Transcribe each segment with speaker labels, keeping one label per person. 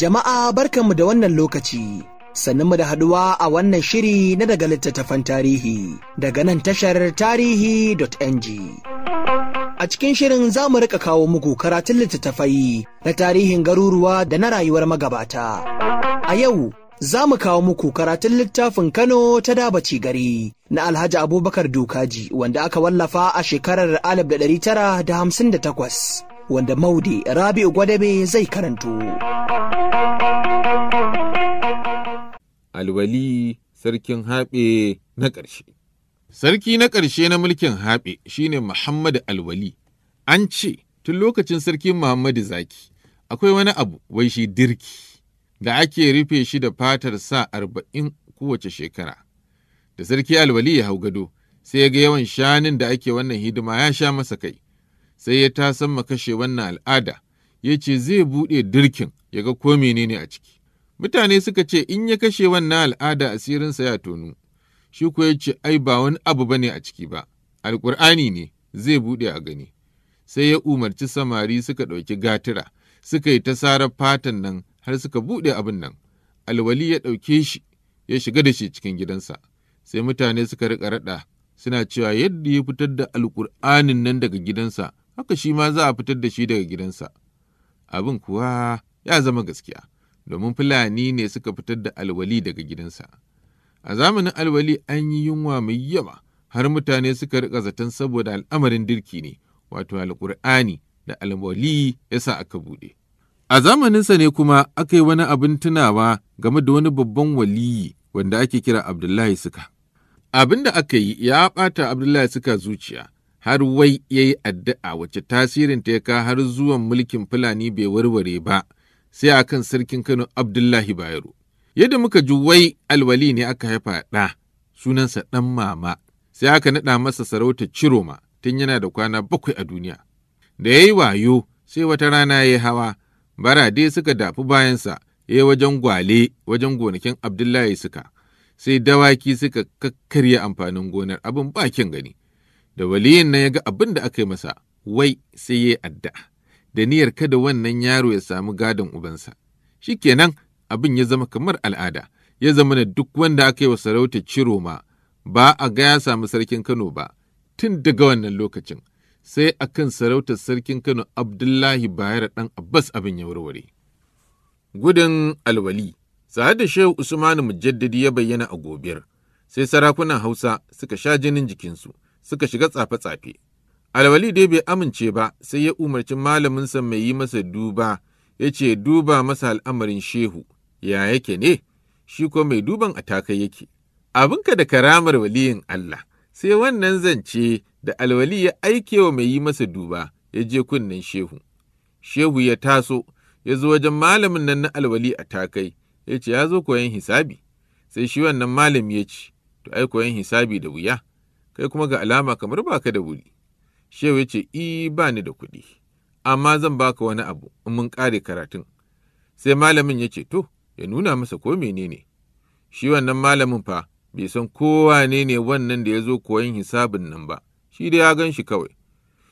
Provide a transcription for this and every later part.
Speaker 1: Jama'a barkanmu da wannan lokaci, mu da haduwa a wannan shiri na daga littattafan tarihi daga nan tashar tarihi.ng. A cikin shirin za mu rika kawo muku karatun littattafai na tarihin garuruwa da na rayuwar magabata. A yau, za mu kawo muku karatun littafin Kano ta dabaci gari na Alhaji Abubakar Dokaji wanda aka wallafa a shekarar 1958 wanda Maude Rabi'u Gwadabe zai karanto. Alwali Sarkin Haɓe na ƙarshe Sarki na ƙarshe na mulkin Haɓe shine Muhammadu Alwali. An ce, tun lokacin Sarkin Muhammadu Zaki, akwai wani abu wai shi dirki. da ake rufe shi da fatar sa arba'in kowace shekara. Da sarki alwali ya hau gado, sai ya ga yawan shanin da ake wannan hidima ya sha masa kai, sai ya tasan kashe wannan al'ada, ya ce zai buɗe dirkin ya ga ko menene a ciki. Mutane suka ce in ya kashe wannan al'ada asirinsa ya tonu, shi ko ya ce ai ba wani abu ba ne a ciki ba, alƙur'ani ne zai buɗe a gani. Sai ya umarci samari suka ɗauki gatira, suka yi ta sarar fatan nan har suka buɗe abin nan alwali ya ɗauke shi ya shiga da shi cikin gidansa sai mutane suka riƙa raɗa suna cewa yadda ya fitar da alƙur'anin nan daga gidansa haka shi ma za a fitar da shi daga gidansa abin kuwa ya zama gaskiya domin fulani ne suka fitar da alwali daga gidansa a zamanin alwali an yi yunwa mai yawa har mutane suka riƙa zaton saboda al'amarin dirki ne wato alƙur'ani da alwali sa aka buɗe A zamaninsa ne kuma aka yi wani abin tunawa game da wani babban waliyi wanda ake kira Abdullahi Suka. Abin da aka yi ya ɓata Abdullahi Suka zuciya, har wai ya yi addu'a wacce tasirin ta ya ka har zuwan mulkin Fulani bai warware ba, sai a kan sarkin Kano Abdullahi Bayero. Yadda muka ji wai alwali ne aka haifa ɗa, sunansa ɗan mama, sai aka naɗa masa sarauta Ciroma tun yana da kwana bakwai a duniya. Da ya yi wayo, sai wata rana ya yi hawa, barade suka dafi bayansa ya wajen gwale wajen gonakin abdullahi suka sai dawaki suka kakkarya amfanin gonar abin bakin gani da waliyin nan ya ga abin da aka yi masa wai sai ya adda da niyyar kada wannan yaro ya samu gadon ubansa shi shikenan abin ya zama kamar al'ada ya zama na duk wanda aka yi wa sarauta ciro ma ba a gaya ya samu sarkin kano ba tun daga wannan lokacin sai a kan sarautar sarkin Kano Abdullahi Bayar ɗan Abbas abin ya warware. Gudun alwali, sa'ad da Shehu Usmanu Mujaddadi ya bayyana a gobiyar, sai sarakunan Hausa suka sha jinin jikinsu, suka shiga tsafe-tsafe. Alwali dai bai amince ba sai ya umarci malaminsa mai yi masa duba, ya ce duba masa al'amarin Shehu, ya yake ne, shi ko mai duban a takai yake. Abinka da karamar waliyin Allah, sai wannan zance da alwali ya aike wa mai yi masa duba ya je kunnen shehu. Shehu ya taso, ya zo wajen malamin nan na alwali a takai, ya ce ya zo koyon hisabi, sai shi wannan malami ya ce, to ai koyon hisabi da wuya, kai kuma ga alama kamar baka da wuri. Shehu ya ce, i e, ba ni da kuɗi, amma zan baka wani abu in mun ƙare karatun. Sai malamin ya ce, to, ya nuna masa ko menene. Shi wannan malamin fa bai san kowa ne ne wannan da ya zo koyon hisabin nan ba. shi dai ya gan shi kawai.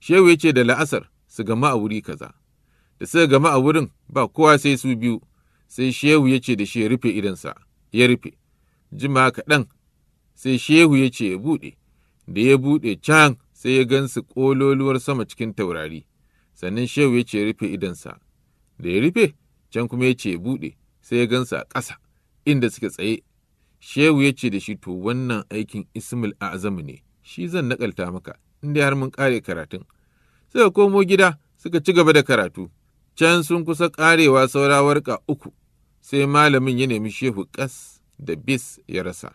Speaker 1: Shehu ya ce da la'asar su gama a wuri kaza, da suka gama a wurin ba kowa sai su biyu, sai Shehu ya ce da shi ya rufe idansa, ya rufe. Jima kaɗan sai Shehu ya ce ya buɗe, da ya buɗe can sai ya gan su ƙololuwar sama cikin taurari, sannan Shehu ya ce ya rufe idansa, da ya rufe can kuma ya ce ya buɗe, sai ya gan su a ƙasa inda suka tsaye. Shehu ya ce da shi to wannan aikin Ismil Azamu ne. shi zan nakalta maka, inda har mun ƙare karatun. Suka komo gida suka ci gaba da karatu, can sun kusa ƙarewa saura warƙa uku, sai malamin ya nemi shehu ƙas da bis ya rasa.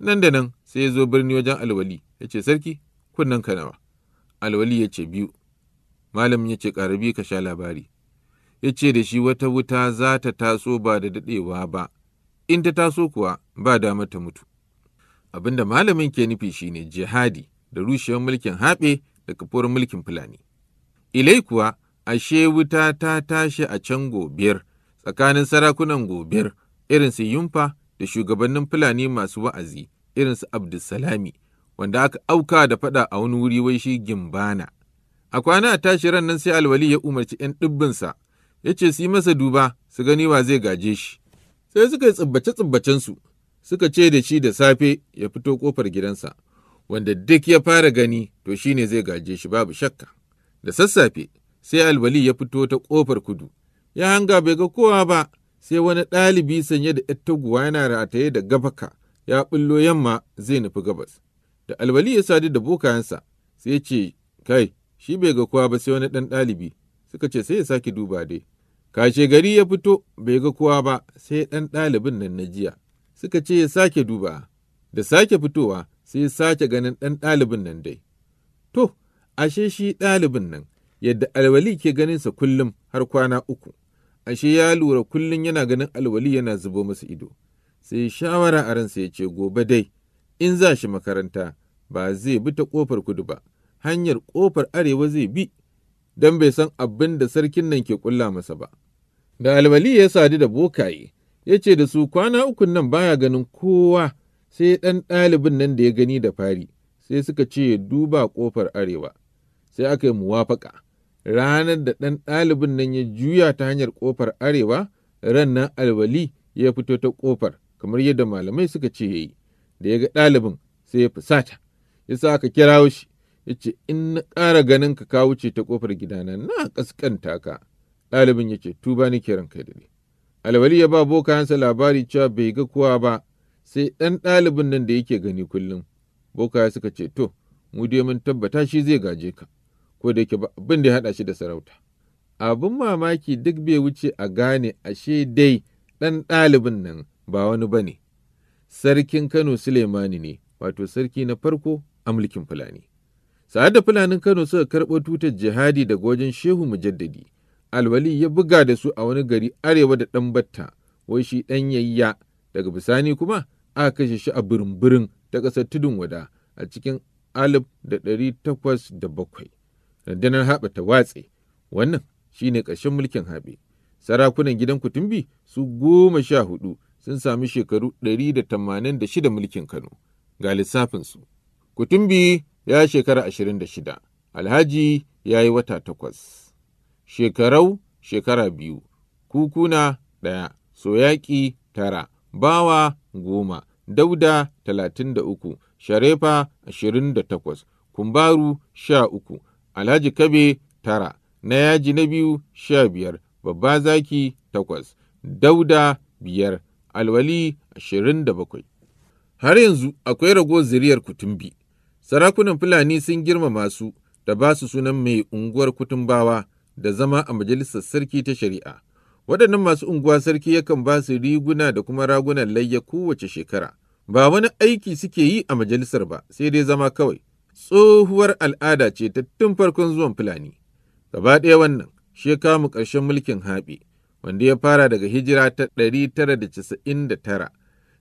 Speaker 1: Nan da nan sai ya zo birni wajen alwali, ya ce sarki kunnen ka nawa. Alwali ya ce biyu, malamin ya ce ƙarabi ka sha labari. Ya ce da shi wata wuta za ta taso ba da daɗewa ba, in ta taso kuwa ba dama ta mutu. Abin da malamin ke nufi shine jihadi da rushewar mulkin haɓe da kafuwar mulkin fulani ilai kuwa ashe wuta ta tashi a can gobiyar tsakanin sarakunan gobiyar irinsu yumfa da shugabannin fulani masu wa'azi irin su abdulsalami wanda aka auka da faɗa a wani wuri wai shi gimbana a kwana a tashi ran nan sai alwali ya umarci 'yan ɗibbinsa ya ce su yi masa duba su gani wa zai gaje shi sai suka yi tsibbace-tsibbacensu suka ce da shi da safe ya fito kofar gidansa, wanda duk ya fara gani to shi ne zai gaje shi babu shakka. Da sassafe sai alwali ya fito ta kofar kudu, ya hanga bai ga kowa ba sai wani ɗalibi sanye da ‘yar taguwa yana rataye da gabaka ya ɓullo yamma zai nufi gabas. Da alwali ya sadu da bokayensa sai ce kai shi bai ga kowa ba sai wani ɗan ɗalibi suka ce sai ya sake duba dai. Kashe gari ya fito bai ga kowa ba sai ɗan ɗalibin nan na jiya suka ce ya sake duba, da sake fitowa sai ya sake ganin ɗan ɗalibin nan dai. To, ashe shi ɗalibin nan, yadda alwali ke ganinsa kullum har kwana uku, ashe ya lura kullum yana ganin alwali yana zubo masa ido. Sai shawara a ransa ya ce gobe dai, in za shi makaranta ba zai bi ta ƙofar kudu ba, hanyar ƙofar arewa zai bi, don bai san abin da sarkin nan ke ƙulla masa ba. Da alwali ya sadu da bokaye, ya ce da su kwana ukun nan baya ganin kowa sai ɗan ɗalibin nan da ya gani da fari sai suka ce duba ƙofar arewa sai aka yi muwafaka ranar da ɗan ɗalibin nan ya juya ta hanyar ƙofar arewa ran nan alwali ya fito ta ƙofar kamar yadda malamai suka ce ya yi da ya ga ɗalibin sai ya fusata ya sa aka kira shi ya ce in na ƙara ganin ka ka wuce ta ƙofar gidana na ƙasƙanta ka ɗalibin ya ce tuba ni kiran kai da ni. alwali ya ba bokayensa labari cewa bai ga kowa ba sai ɗan ɗalibin nan da yake gani kullum ya suka ce to mu dai mun tabbata shi zai gaje ka ko da yake ba abin da ya haɗa shi da sarauta abin mamaki duk bai wuce a gane ashe dai ɗan ɗalibin nan ba wani ba ne sarkin kano suleimani ne wato sarki na farko a mulkin fulani sa'ad da fulanin kano suka karɓo tutar jihadi daga wajen shehu mujaddadi alwali ya buga da su a wani gari arewa da ɗan batta wai shi ɗan yayya daga bisani kuma a kashe shi a birin-birin ta ƙasar tudun wada a cikin alif da ɗari takwas da bakwai rundunar haɓa ta watse wannan shi ne ƙarshen mulkin haɓe sarakunan gidan kutumbi su goma sha hudu sun sami shekaru ɗari da tamanin da shida mulkin kano ga lissafinsu kutumbi ya shekara ashirin da shida alhaji ya yi wata takwas shekarau shekara biyu, kukuna ɗaya, soyaƙi tara, bawa goma, dauda talatin da uku, sharefa ashirin da takwas, kumbaru sha uku, alhaji kabe tara, na yaji na biyu sha biyar, babba zaki takwas, dauda biyar, alwali ashirin da bakwai. Har yanzu akwai rago ziriyar kutumbi, sarakunan Fulani sun girmama su da ba su sunan mai unguwar kutumbawa. da zama a majalisar sarki ta shari'a. Waɗannan masu unguwa sarki yakan ba su riguna da kuma ragunan layya kowace shekara. Ba wani aiki suke yi a majalisar ba, sai dai zama kawai. Tsohuwar al'ada ce ta tun farkon zuwan Fulani. Gaba ɗaya wannan, shi ya ƙarshen mulkin haɓe, wanda ya fara daga hijira ta 999,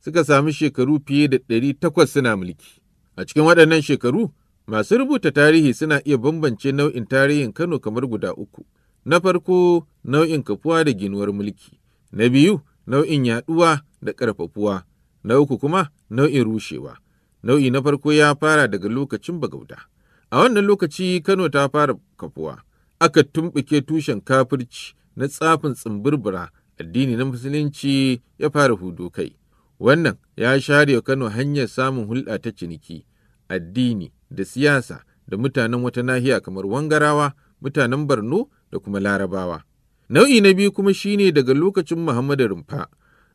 Speaker 1: suka sami shekaru fiye da 800 suna mulki. A cikin waɗannan shekaru, Masu rubuta tarihi suna iya bambance nau'in tarihin Kano kamar guda uku. Na farko nau'in kafuwa da ginuwar mulki, na biyu nau'in yaɗuwa da ƙarfafuwa, na uku kuma nau'in rushewa. Nau'i na farko ya fara daga lokacin bagauda. A wannan lokaci Kano ta fara kafuwa, aka tumɓuke tushen kafirci na tsafin tsimbirbira addini na musulunci ya fara hudu kai. Wannan ya share Kano hanyar samun hulɗa ta ciniki, addini, da siyasa da mutanen wata nahiya kamar wangarawa mutanen Barno, da kuma larabawa nau'i na biyu kuma shine daga lokacin muhammadu rumfa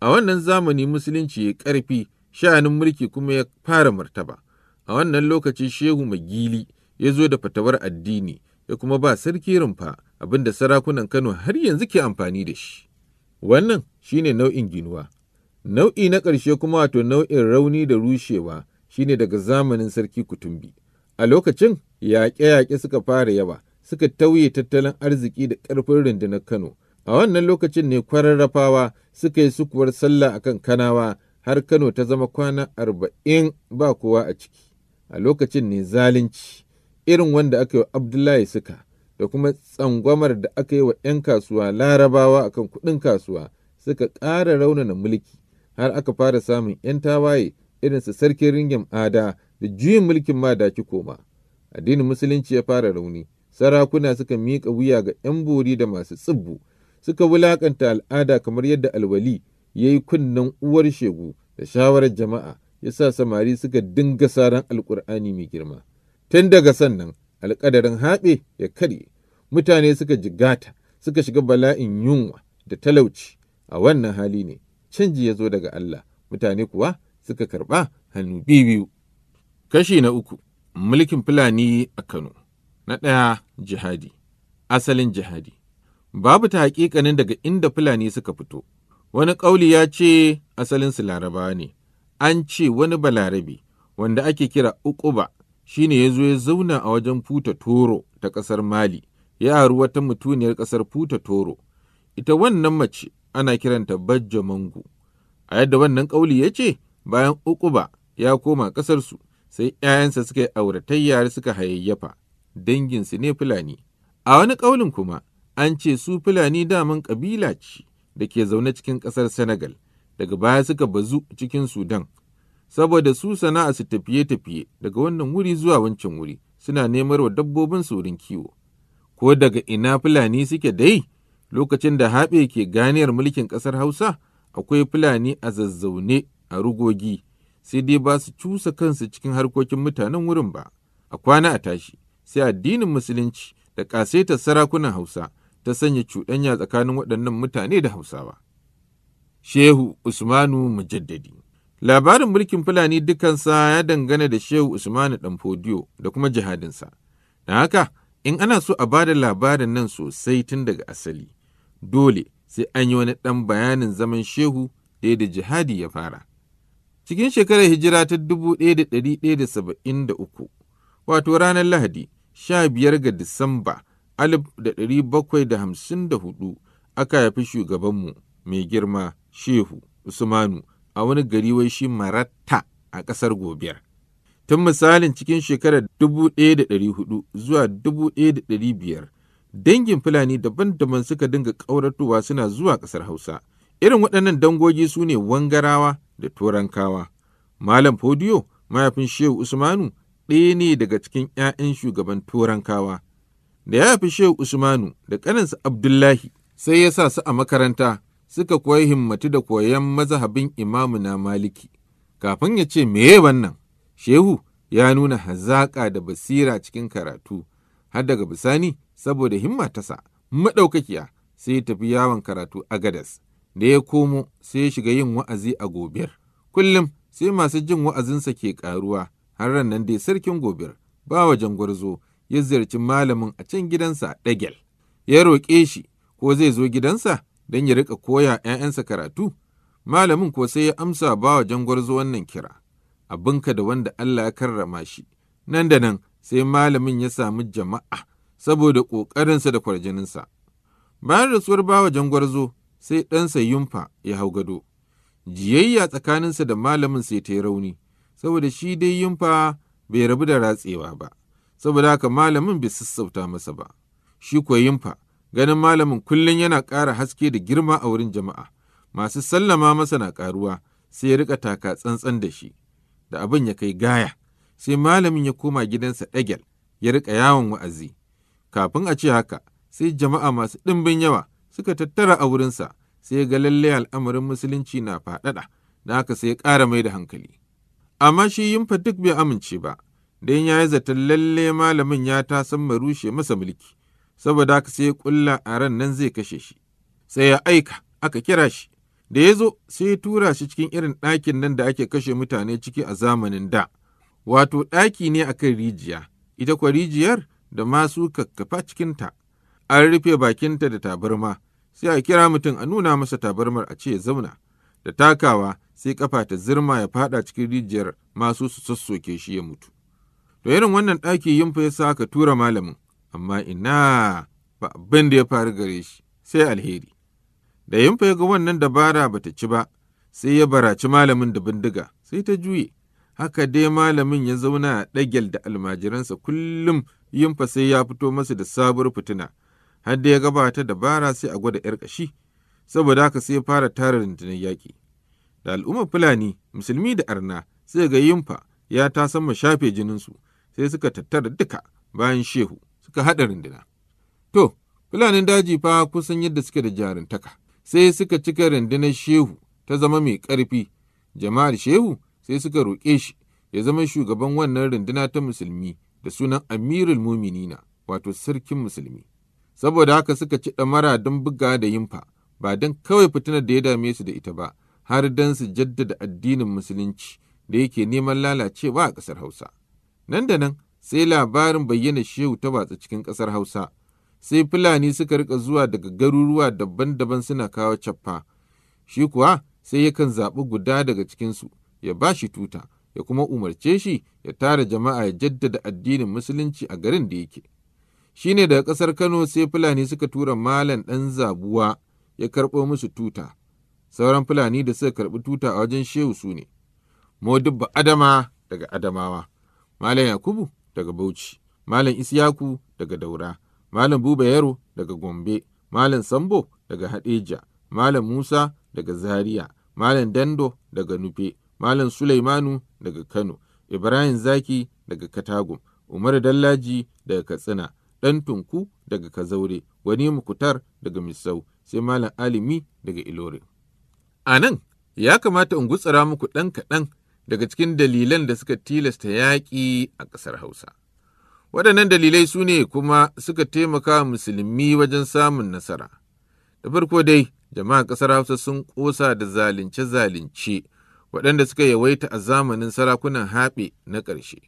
Speaker 1: a wannan zamani musulunci ya ƙarfi sha'anin mulki kuma ya fara martaba a wannan lokaci shehu magili ya zo da fatawar addini da kuma ba sarki rumfa abinda sarakunan kano har yanzu ke amfani da shi wannan shine nau'in ginuwa nau'i na ƙarshe kuma wato nau'in rauni da rushewa shine daga zamanin sarki kutumbi a lokacin yaƙe-yaƙe suka fara yawa suka tauye tattalin arziki da ƙarfin rundunar kano a wannan lokacin ne kwararrafawa suka yi sukuwar sallah akan kanawa har kano ta zama kwana arba'in ba kowa a ciki a lokacin ne zalunci irin wanda aka yi wa abdullahi suka da kuma tsangwamar da aka yi wa 'yan kasuwa larabawa akan kuɗin kasuwa suka ƙara raunana mulki har aka fara samun 'yan tawaye irin su sarkin ringin ada da juyin mulkin madaki koma addinin musulunci ya fara rauni sarakuna suka miƙa wuya ga 'yan bori da masu tsibbu suka wulaƙanta al'ada kamar yadda alwali ya yi kunnen uwar shegu da shawarar jama'a ya sa samari suka dinga saran alƙur'ani mai girma tun daga sannan alƙadarin haɓe ya karye mutane suka jigata suka shiga bala'in yunwa da talauci a wannan hali ne canji ya zo daga Allah mutane kuwa suka karɓa hannu biyu. Kashi na uku, mulkin Fulani a Kano. Na ɗaya, jihadi. Asalin jihadi. Babu ta haƙiƙanin daga inda Fulani suka fito. Wani ƙauli ya ce su Laraba ne. An ce wani balarabe wanda ake kira Ukuba shine ne ya zo ya zauna a wajen Futa Toro ta ƙasar Mali, ya aru wata mutuniyar ƙasar Futa Toro. Ita wannan mace ana kiranta Bajjo Mangu. A yadda wannan ƙauli ya ce, bayan Ukuba ya koma ƙasarsu sai ‘ya'yansa suka yi auratayya suka hayayyafa, danginsu ne Fulani. A wani ƙaunin kuma, an ce su Fulani daman ƙabila ce da ke zaune cikin ƙasar Senegal, daga baya suka bazu cikin Sudan, saboda su sana'a su tafiye-tafiye daga wannan wuri zuwa wancan wuri, suna nemar wa dabbobin su kiwo. Ko daga ina Fulani suke dai, lokacin da haɓe ke ganiyar mulkin ƙasar Hausa, akwai Fulani a zazzaune a rugogi sai dai ba su cusa kansu cikin harkokin mutanen wurin ba a kwana a tashi sai addinin musulunci da ƙasaita sarakunan hausa ta sanya cuɗanya tsakanin waɗannan mutane da hausawa shehu usmanu mujaddadi labarin mulkin fulani dukansa ya dangana da shehu usmanu fodiyo da kuma jihadinsa Da haka in ana so a ba da labarin nan sosai tun daga asali dole sai an yi wani ɗan bayanin zaman shehu da jihadi ya fara cikin shekarar hijira ta 1173 wato ranar lahadi sha biyar ga disamba da hudu, aka haifi shugabanmu mai girma shehu usmanu a wani gari wai shi maratta a ƙasar gobiyar tun misalin cikin shekarar 1400 zuwa biyar, dangin fulani daban-daban suka dinga ƙauratowa suna zuwa ƙasar hausa irin waɗannan dangogi su ne wangarawa da turankawa malam fodiyo mahaifin shehu usmanu ɗaya ne daga cikin 'ya'yan shugaban turankawa da ya fi shehu usmanu da ƙaninsa abdullahi sai ya sa su a makaranta suka koyi himmatu da koyon mazahabin imamu na maliki kafin ya ce meye wannan shehu ya nuna hazaƙa da basira cikin karatu har daga bisani saboda himma tasa maɗaukakiya sai ya tafi yawon karatu a gadas. da ya komo sai ya shiga yin wa'azi a gobir kullum sai masu jin wa'azinsa ke ƙaruwa. har ran dai sarkin gobir ba wa jangwarzo ya ziyarci malamin a can gidansa dagel ya roƙe shi ko zai zo gidansa don ya rika koya 'ya'yansa karatu malamin ko sai ya amsa ba wa jangwarzo wannan kira abinka da wanda Allah ya karrama shi nan da nan sai malamin ya samu jama'a saboda ƙoƙarinsa da kwarjininsa bayan rasuwar bawa jangwarzo sai ɗansa yumfa ya hau gado. Jiyayya tsakaninsa da malamin sai ta yi rauni, saboda shi dai yumfa bai rabu da ratsewa ba, saboda haka malamin bai sassauta masa ba. Shi kuwa yumfa, ganin malamin kullum yana ƙara haske da girma a wurin jama'a, masu sallama masa na ƙaruwa sai ya riƙa taka tsantsan da shi. Da abin ya kai gaya, sai malamin ya koma gidansa ɗagel ya riƙa yawon wa'azi. Kafin a ce haka, sai jama'a masu ɗimbin yawa suka tattara a wurinsa sai ga lalle al'amarin musulunci na faɗaɗa da haka sai ƙara mai da hankali. Amma shi yunfa duk bai amince ba, don ya yi zaton lalle malamin ya ta san mai rushe masa mulki, saboda haka sai ƙulla a ran nan zai kashe shi. Sai ya aika aka kira shi, da ya zo sai ya tura shi cikin irin ɗakin nan da ake kashe mutane ciki a zamanin da. Wato ɗaki ne a kan rijiya, ita kwa rijiyar da masu kakkafa cikinta, an rufe bakinta da tabarma. sai a kira mutum a nuna masa tabarmar a ce ya zauna da takawa sai kafa ta zirma ya fada cikin rijiyar masu su sassoke shi ya mutu to irin wannan ɗaki yin fa yasa aka tura malamin amma ina ba abin da ya faru gare shi sai alheri da yin ya ga wannan dabara ba ta ci ba sai ya baraci malamin da bindiga sai ta juye haka dai malamin ya zauna a ɗagel da almajiransa kullum yin fa sai ya fito masa da sabuwar fitina har da ya gabata bara sai a gwada 'yar ƙashi saboda haka sai fara tara rundunar yaƙi da al'ummar fulani musulmi da arna sai ga yimfa ya ta sama shafe jininsu sai suka tattara duka bayan shehu suka haɗa runduna to fulanin daji fa kusan yadda suke da jaruntaka sai suka cika rundunar shehu ta zama mai ƙarfi jama'ar shehu sai suka roƙe shi ya zama shugaban wannan runduna ta musulmi da sunan amirul muminina wato sarkin musulmi saboda haka suka ci ɗamara don buga da yimfa ba don kawai fitinar da ya dame su da ita ba har don su jaddada addinin musulunci da yake neman lalacewa a ƙasar hausa nan da nan sai labarin bayyana shehu ta watsa cikin ƙasar hausa sai fulani suka rika zuwa daga garuruwa daban-daban suna kawo cappa shi kuwa sai yakan zaɓi guda daga cikinsu ya ba shi tuta ya kuma umarce shi ya tara jama'a ya jaddada addinin musulunci a garin da yake. shi ne daga ƙasar Kano sai Fulani suka tura Malam ɗan zabuwa ya karɓo musu tuta, sauran Fulani da suka karɓi tuta a wajen Shehu su ne, Modibba Adama daga Adamawa, Malam Yakubu daga Bauchi, Malam Isyaku daga Daura, Malam Buba Yaro daga Gombe, Malam Sambo daga Hadeja, Malam Musa daga Zaria, Malam Dando daga Nufe, Malam Suleimanu daga Kano, Ibrahim Zaki daga Katagum, Umar Dallaji daga Katsina, ɗan tunku daga kazaure wani mukutar daga misau sai malam alimi daga ilore a nan ya kamata in gutsara muku ɗan kaɗan daga cikin dalilan da suka tilasta yaƙi a ƙasar hausa waɗannan dalilai su ne kuma suka taimaka musulmi wajen samun nasara da farko dai jama'a ƙasar hausa sun ƙosa da zalunce-zalunce waɗanda suka yawaita a zamanin sarakunan haɓe na ƙarshe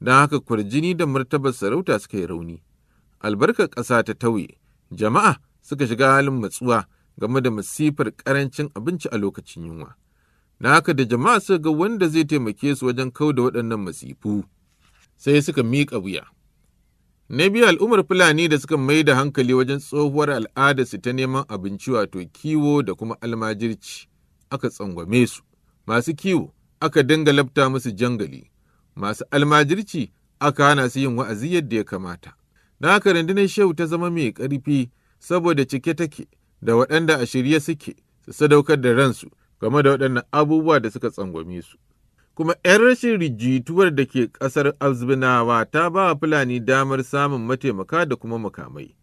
Speaker 1: don haka kwarjini da martabar sarauta suka yi rauni albarkar ƙasa ta tauye jama'a suka shiga halin matsuwa game da masifar ƙarancin abinci a lokacin yunwa na haka da jama'a suka ga wanda zai taimake su wajen kau da waɗannan masifu sai suka miƙa wuya na biyu al'ummar fulani da suka mai da hankali wajen tsohuwar al'ada su ta neman abinci wato kiwo da kuma almajirci aka tsangwame su masu kiwo aka dinga lafta musu jangali masu almajirci aka hana su yin wa'azi yadda ya kamata Don haka rundunar Shehu ta zama mai ƙarfi saboda cike take da waɗanda a shirye suke su sadaukar da ransu game da waɗannan abubuwa da suka tsangwame su. Kuma 'yan rashin rijituwar da ke ƙasar Azbinawa ta ba Fulani damar samun mataimaka da kuma makamai.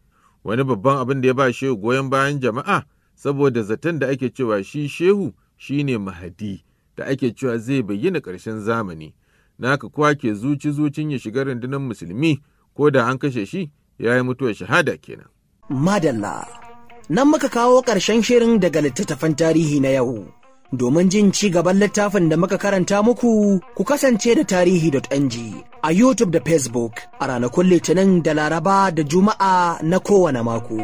Speaker 1: Wani babban abin da ya ba Shehu goyon bayan jama'a saboda zaton da ake cewa shi Shehu shine Mahadi da ake cewa zai bayyana ƙarshen zamani. Naka kuwa ke zuci zucin ya shiga rundunar musulmi ko da an kashe shi ya yi mutuwar shahada kenan. Madalla, nan muka kawo ƙarshen shirin daga littattafan tarihi na yau. Domin jin ci gaban littafin da muka karanta muku, ku kasance da tarihi.ng a YouTube da Facebook a ranakun Litinin da Laraba da Juma'a na kowane mako.